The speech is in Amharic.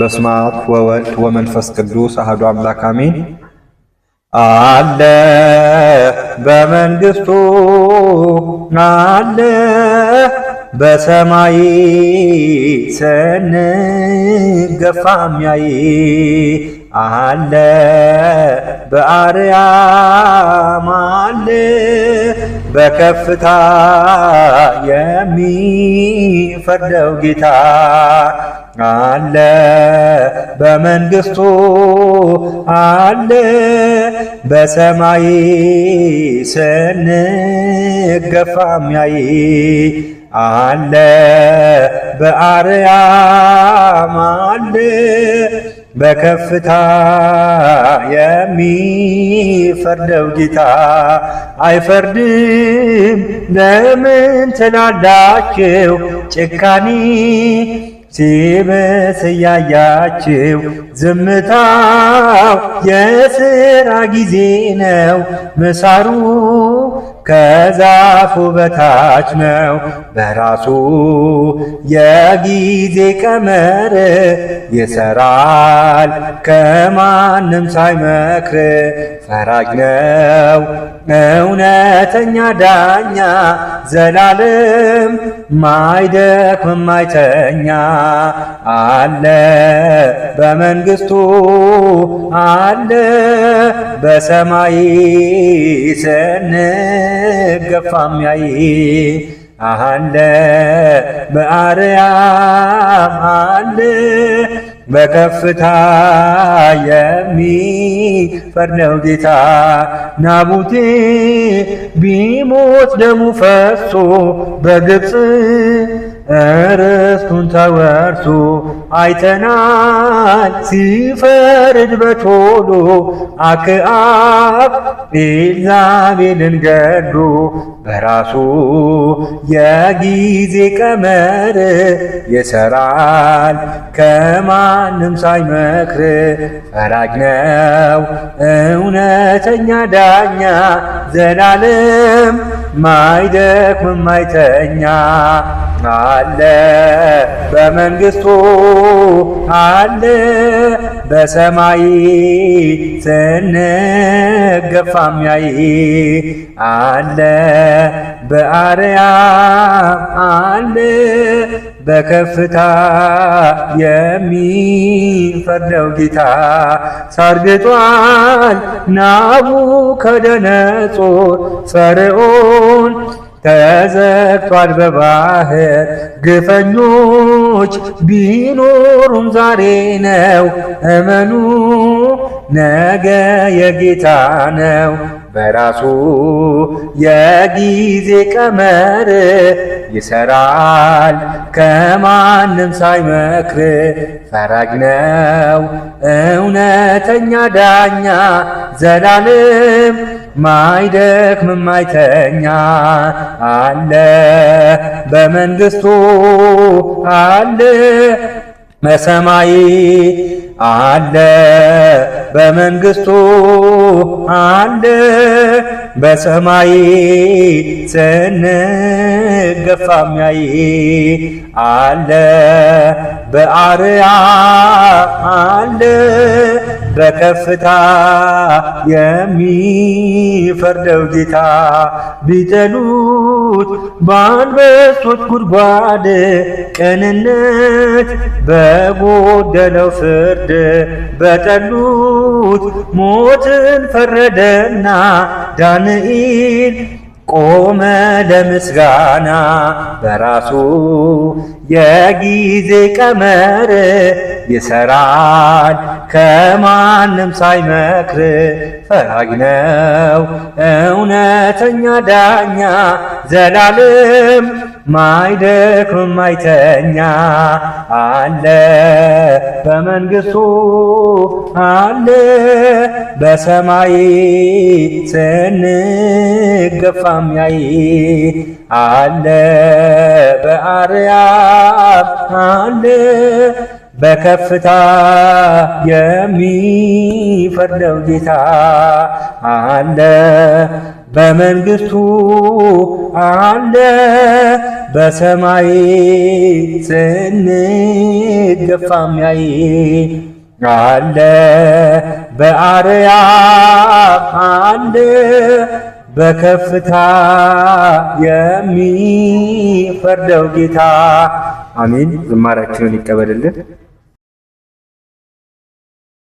በስመ አብ ወወልድ ወመንፈስ ቅዱስ አህዶ አምላክ አሜን። አለ በመንግስቱ አለ በሰማይ ስንገፋ የሚያይ አለ በአርያም አለ በከፍታ የሚፈርደው ጌታ አለ በመንግስቱ አለ በሰማይ ስንገፋም ያይ አለ በአርያም አለ በከፍታ የሚፈርደው ጌታ አይፈርድም ለምን ትላላችሁ? ጭካኔ ሲብስ እያያችሁ ዝምታው የስራ ጊዜ ነው። ምሳሩ ከዛፉ በታች ነው በራሱ የጊዜ ቀመር ይሰራል ከማንም ሳይመክር ፈራጅ ነው እውነተኛ ዳኛ ዘላለም ማይደክም ማይተኛ አለ በመንግስቱ አለ በሰማይ ስን አልገፋም ያይ አለ በአርያም አለ በከፍታ የሚፈርደው ጌታ ናቡቴ ቢሞት ደሙ ፈሶ በግብፅ ርስቱን ተወርሶ አይተናል ሲፈርድ በቶሎ አክአብ ኤልዛቤልን ገድሎ በራሱ የጊዜ ቀመር ይሰራል ከማንም ሳይመክር ፈራጅ ነው እውነተኛ ዳኛ ዘላለም ማይደክም ማይተኛ አለ በመንግስቱ አለ በሰማይ ስንገፋም ያይ አለ በአርያም አለ በከፍታ የሚፈርደው ጌታ ሰርግጧል ናቡከደነጾር ፈርዖን ተዘግቷል በባህር ግፈኞች ቢኖሩም ዛሬ ነው። እመኑ ነገ የጌታ ነው። በራሱ የጊዜ ቀመር ይሰራል ከማንም ሳይመክር። ፈራጅ ነው እውነተኛ ዳኛ ዘላለም ማይደክም ማይተኛ አለ በመንግስቱ አለ መሰማይ አለ በመንግስቱ አለ በሰማይ ስንገፋ ሚያይ አለ በአርያ አለ በከፍታ የሚፈርደው ጌታ ቢጠሉት በአንበሶች ጉድጓድ ቅንነት በጎደለው ፍርድ በጠሉት ሞትን ፈረደና ዳንኤል ቆመ ለምስጋና በራሱ የጊዜ ቀመር ይሰራል ከማንም ሳይመክር ፈራጅ ነው እውነተኛ ዳኛ ዘላለም ማይደክም ማይተኛ አለ በመንግስቱ አለ በሰማይ ስንገፋም ያይ አለ በአርያም አለ በከፍታ የሚፈርደው ጌታ አለ በመንግስቱ አለ በሰማይ ያይ አለ በአርያ አለ በከፍታ የሚፈርደው ጌታ አሜን። ዝማሪያችንን ይቀበልልን።